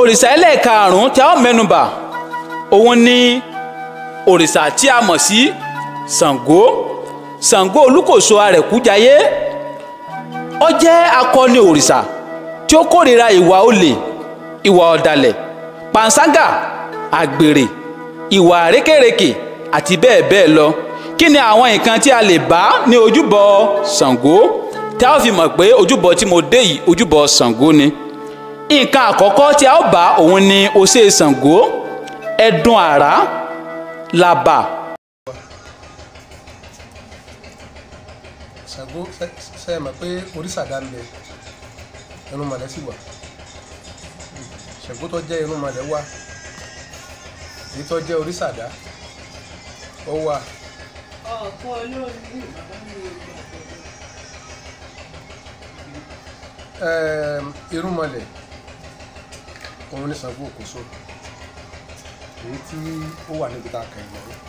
òrìṣà ẹlẹ́ẹ̀karùn-ún tí a ó mẹ́nubà òun ni òrìṣà tí a mọ̀ sí Ṣàngó Ṣàngó olúkòso arẹ̀kújayé ó jẹ́ akọni òrìṣà tí ó kórìíra ìwà olè ìwà ọ̀dàlẹ̀ panṣágà àgbèrè ìwà rékèrèkè àti bẹ́ẹ̀ bẹ́ẹ̀ lọ kí ni àwọn nǹkan tí a lè bá ní ojúbọ Ṣàngó tí a ó fi mọ̀ pé ojúbọ tí mo dé yìí ojúbọ Ṣàngó ni nǹkan àkọ́kọ́ tí a ó bá òun ni oṣé Ṣàngó ẹ̀dùn ara làbà. Ṣàngó ṣe é mọ̀ pé oríṣà dá ń bẹ ẹnu mọ̀lẹ́ sì wà Ṣàngó tó jẹ́ ẹnu mọ̀lẹ́ wà èyí tó jẹ́ oríṣà dá ó wà. ọ̀pọ̀ olórin ní bàbá mi ò gbà. irúnmọlẹ̀ òun ní Ṣàngó Òkòso èyí tí ó wà níbi tá a kà ìmọ̀ rẹ̀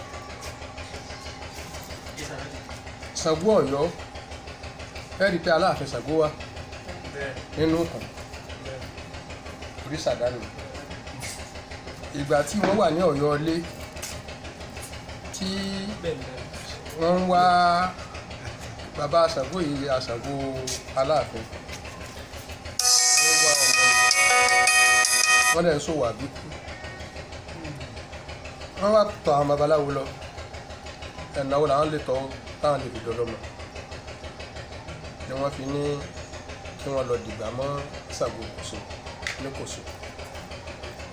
Ṣàngó Ọ̀yọ́ ẹ rí i pé Aláàfin Ṣàngó wa nínú kan òrìṣà dání ìgbà tí wọ́n wà ní Ọ̀yọ́ ilé tí wọ́n ń wá bàbá Ṣàngó yìí Ṣàngó Aláàfin. wọ́n dẹ̀ ń ṣòwò àbíkú wọ́n wá tọ̀ àwọn babaláwo lọ ẹ̀náwó làwọn lè tọ́ táwọn lè fi dọ́lọ́mọ ni wọ́n fi ní kí wọ́n lọ dìgbà mọ́ Ṣàngó Kòso ní Kòso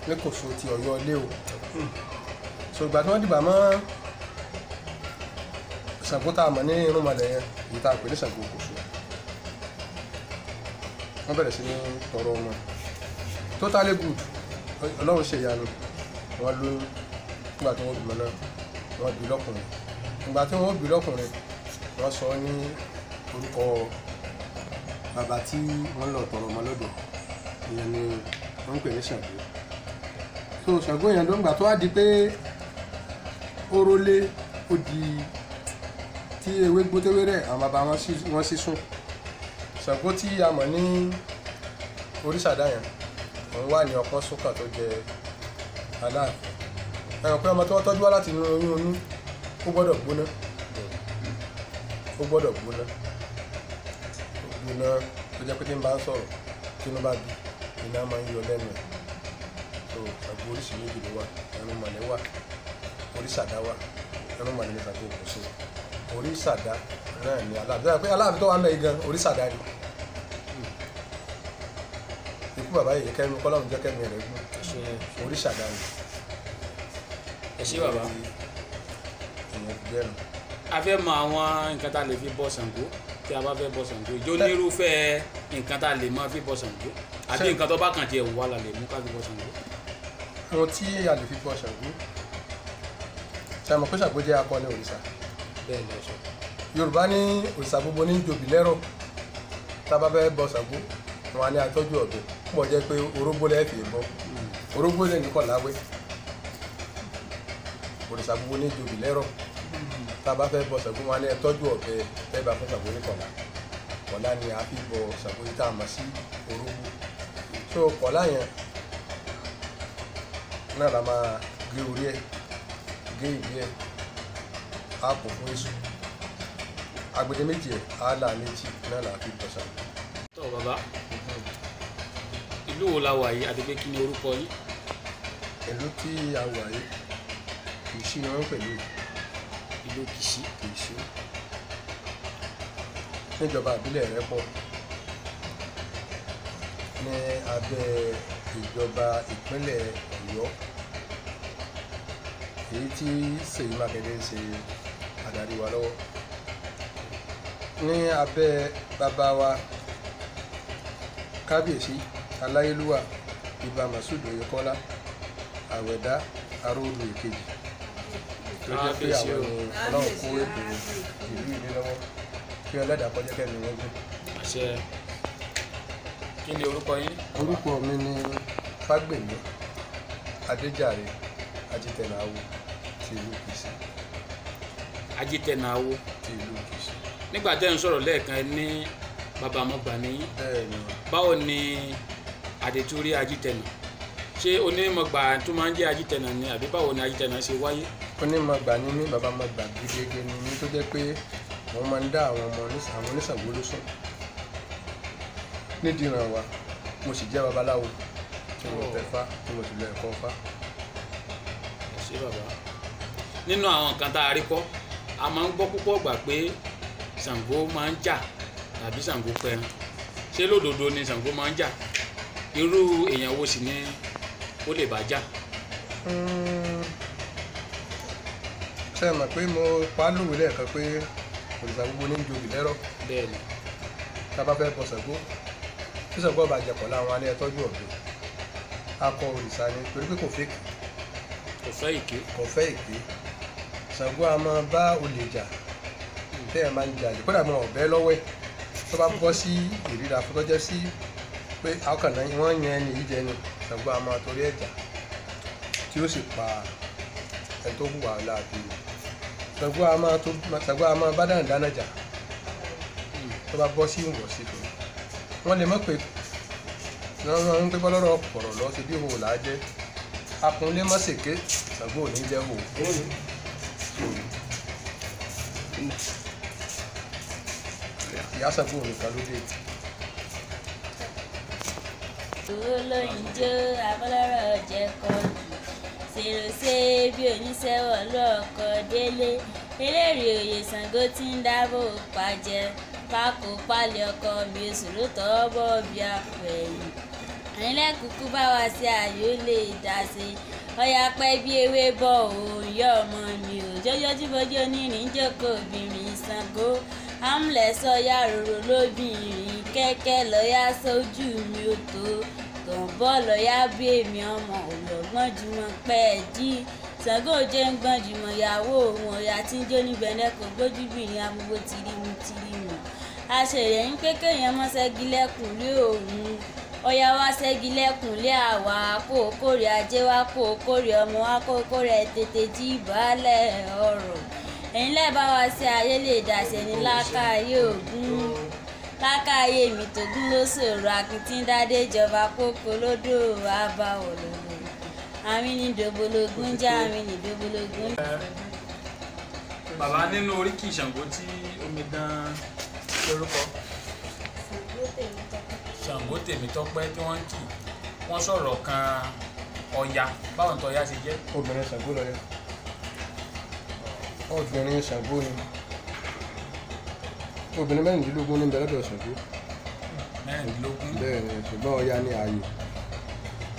ní Kòso ti Ọ̀yọ́ ilé o so ìgbà tí wọ́n dìgbà mọ́ Ṣàngó tá a mọ̀ ní irúnmọlẹ̀ yẹn èyí tá a pè ní Ṣàngó Kòso wọ́n bẹ̀rẹ̀ sí ní tọrọ wọn totally good ọlọ́run ṣe ìyanu wọn lóyún nígbà tí wọ́n bímọ náà wọ́n bí lọ́kùnrin nígbà tí wọ́n bí lọ́kùnrin wọ́n sọ ní orúkọ bàbá tí wọ́n lọ tọrọ ọmọ lọ́dọ̀ ìyẹn ni wọ́n ń pè ní ṣàgbé so ṣàgbó yẹn ló ń gbà tó wá di pé ó rólé ó di tí ewé gbótewéré àwọn bàbá wọn sí sún ṣàgbó tí a mọ̀ ní oríṣàdá yẹn òun wà ní ọpọ́n sókà tó jẹ aláàfin ẹ̀rọ pé ọmọ tí wọ́n tọ́jú wá láti inú oyún oyún ó gbọ́dọ̀ gbóná ó gbọ́dọ̀ gbóná gbóná tó jẹ́ pé tí ń bá ń sọ̀rọ̀ tí inú bá bí iná máa ń yọ lẹ́nu ẹ̀ tó àgbo oríṣi méjì ló wà ẹnu mọ̀lẹ́ wà oríṣàdá wà ẹnu mọ̀lẹ́ nípa tó kù sí oríṣàdá náà ni aláàfin tó wà ń bẹ̀ yìí gan oríṣàdá ni ikú bàbá yìí kẹ́mi kọ́lọ́run jẹ́ kẹ́mi rẹ̀ gùn orí ṣàgáyé. ẹ ṣé bàbá. ìyẹn kò gbẹ́rùn. a fẹ́ mọ àwọn nǹkan tá a lè fi bọ Ṣàngó tí a bá fẹ́ bọ Ṣàngó ìjọ onírúfẹ́ nǹkan tá a lè máa fi bọ Ṣàngó àbí nǹkan tó bá kàn tiẹ̀ wà la lè mú ká fi bọ Ṣàngó. àwọn tí a lè fi bọ Ṣàngó ṣàmọ̀ pé Ṣàngó jẹ́ akọni òrìṣà. bẹ́ẹ̀ ni ọ̀ṣọ́. Yorùbá ní òrìṣà gbogbo ní jòbí tá a bá fẹ́ bọ Ṣàngó wọn á ní atọ́jú ọ̀dọ́ pọ̀ jẹ́ pé orógbó lẹ́ẹ̀ fi bọ́ orógbó lẹ́ẹ̀ nìkan láwẹ́ òrìṣà gbogbo ní jobi lẹ́rọ̀ tá a bá fẹ́ bọ Ṣàngó wa ní ẹ tọ́jú ọ̀bẹ ẹ bá fún Ṣàngó ní kọ̀ọ̀la kọ̀ọ̀la ni a fi bọ Ṣàngó yìí tá a mọ̀ sí orógbó so kọ̀ọ̀la yẹn náà la máa gé orí ẹ gé ìdí ẹ á kò fún èso agbede méjì ẹ á là méjì náà la fi bọ Ṣàngó. tọ́ bàbá ìlú wo la wà yìí àti pé kí ni orúkọ yín. ìlú tí a wà yìí Kìṣí ni wọ́n ń pè ní ìlú Kìṣí. Kìṣí níjọba ìbílẹ̀ Ìrẹ́pọ̀ ní abẹ́ ìjọba ìpínlẹ̀ Ọ̀yọ́ èyí tí Ṣèyí Mákindé ń ṣe adarí wa lọ́wọ́ ní abẹ́ bàbá wa kábíyèsí. Si aláyélúwà ibà masud oyèkọ́lá àwẹ̀dá aróòlù èkejì tó jẹ́ pé àwọn ọlọ́run kó ètò ìlú ìlú lọ́wọ́ kí ọlọ́dà kọjá kẹ́mi wọ́n gbé. àṣẹ kí ni orúkọ yín. orúkọ mi ni fágbèmí adéjàre ajitẹ̀nàwó ti ìlú kìsì. ajitẹ̀nàwó ti ìlú kìsì. nígbà tẹ́ ń sọ̀rọ̀ lẹ́ẹ̀kan ní bàbá mọ́gbà ní. bẹ́ẹ̀ ni. báwo ni àdètúrí ajítẹ̀nà ṣé onímọ̀gbà tó máa ń jẹ́ ajítẹ̀nà ni àbí báwo ni ajítẹ̀nà ṣe wáyé. onímọ̀gbà ni mí bàbá mọ̀gbà gidigidi ni mí tó jẹ́ pé wọ́n máa ń dá àwọn ọmọ àwọn oníṣàngó lóṣùn nídìí ràn wá mo sì jẹ́ babaláwo tí mo tẹ̀ fá tí mo sì lọ ẹ̀kọ́ fá. ṣé bàbá nínú àwọn nǹkan tá a rí kọ́ a máa ń gbọ́ púpọ̀ gbà pé Ṣàngó máa ń jà tàbí Ṣàngó pẹran ṣé lódodo ni Ṣàngó máa ń jà irú èèyàn wo sì ni ó lè bá jà. Hmm. ṣé ẹ mọ̀ pé mo pa á lówe lẹ́ẹ̀kan pé òrìṣà gbogbo ní jobi lẹ́rọ̀ bẹ́ẹ̀ni tá a bá fẹ́ bọ Ṣàngó tí Ṣàngó ọba àjẹpọ̀ láwọn alẹ́ ẹtọ́jú ọ̀dọ́ akọ òrìṣà ni torí pé kò fẹ́ kì kò fẹ́ ìké kò fẹ́ ìké Ṣàngó a máa bá olè jà tẹ́yà hmm. máa ń jà lè kódà mọ ọ̀bẹ lọ́wọ́ ẹ̀ tó bá bọ́ sí ìríra fún tọ́jọ́ sí pé akànnà wọ́n yan ẹni yìí ni Ṣàngó a máa torí ẹ̀jà tí ó sì pa ẹni tó hùwà láàbí Ṣàngó a máa bá dáná dáná jà tó bá bọ́ sí ìwọ̀ sí lè pé ń pọ̀rọ̀ lọ sí bí òun làá jẹ́ akunlé ò tó lóyún jó abọ́lọ́rọ̀ jẹ́ kọ́ọ̀dù ṣèròṣe bí oníṣẹ́wọ̀ lọ́ọ̀kọ́ délé elérìí oyè Ṣàngó tí ń dábò pàjẹ́ pákó pálẹ̀ ọkọ mi oṣù ló tọ́wọ́ bọ̀ bí àpẹ̀yìn ànílẹ́kùkú bá wa ṣe àyò lè dá sí ọyà pẹ́ bí ewé bọ̀ òòyọ̀ ọmọ mi ò jọjọ́ tí bọ́jú onírin jókòó obìnrin Ṣàngó amúlẹ̀ sọ yá rorò lóbìnrin kẹ́kẹ́ lọ́yà sójú mi ò tó gbọ̀ngbọ̀ lọ́yà bí èmi ọmọ òwò gbọ́njúmọ́ pẹ́ ẹ̀ dí Ṣàngó jẹ́ ń gbọ́njúmọ́ ìyàwó òun ya tí ń jó ní gbẹ̀ndẹ́kọ̀ gbójúbìnrin amúgbó tìrìmù tìrìmù àṣeyẹ ń pé kéèyàn mọ́ ṣẹ́gi lẹ́kùn lé òun ọ̀yà wá ṣẹ́gi lẹ́kùn lé àwa kó o kórè ajé wá kó o kórè ọmọ wá kó o kórè tètè jí ìbálẹ̀ ọ̀rọ̀ ẹ̀yin lẹ́ẹ̀ wa ṣe ayé lè dàṣẹ́ ní lákàáyé ògún lákàáyé mi tògún ló ṣòro akíntindádé ìjọba kókó lódò àbáwọ̀ lòlò àrínìdògbòlógún jẹ́ àrínìdògbòlógún. bàbá nínú oríkì Ṣàngó tí omidan lórúkọ Ṣàngó Tèmítọ́pẹ́ tí wọ́n ń kì wọ́n sọ̀rọ̀ kan Ọya báwọn tó Ọya ṣe jẹ́. obìnrin Ṣàngó lọ́yà obìnrin Ṣàngó ni obìnrin mẹ́rìndínlógún ní bẹ̀rẹ̀ dọ̀sùn kú. mẹ́rìndínlógún. bẹ́ẹ̀ ni ṣùgbọ́n ọya ni ààyè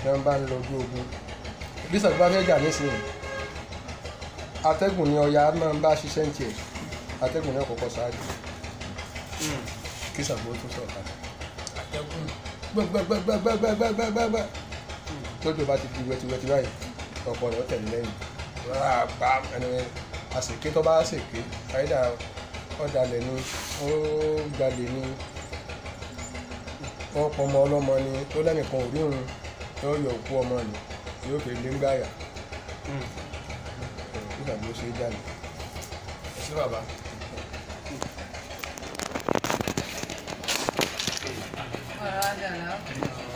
tí wọ́n bá ń lọ ojú ogun bísọ̀bù bá fẹ́ jà nísìnyí atẹ́gùn ni ọya máa ń bá ṣiṣẹ́ ń tiẹ̀ atẹ́gùn náà kọ́kọ́ ṣáájú kí Ṣàngó tó sọ̀rọ̀ kalẹ̀ atẹ́gùn gbẹ́gbẹ́gbẹ́gbẹ́gbẹ́gbẹ́gbẹ́ tójú bá ti di wẹ́tiwẹ́ti báyìí ọkọ rẹ̀ ó tẹ̀lé lẹ́yìn àṣèké tó bá ọ̀dàlẹ̀ ni ó gbalẹ̀ ni wọ́n pọmọ ọlọ́mọ ni tó lẹ́nìkan ò ríhun yóò yọ òkú ọmọ ni yóò fi lé ńgbàyà hmm. nígbà tí ó ṣe é jáde. ṣé bàbá. ọ̀rọ̀ adàlá.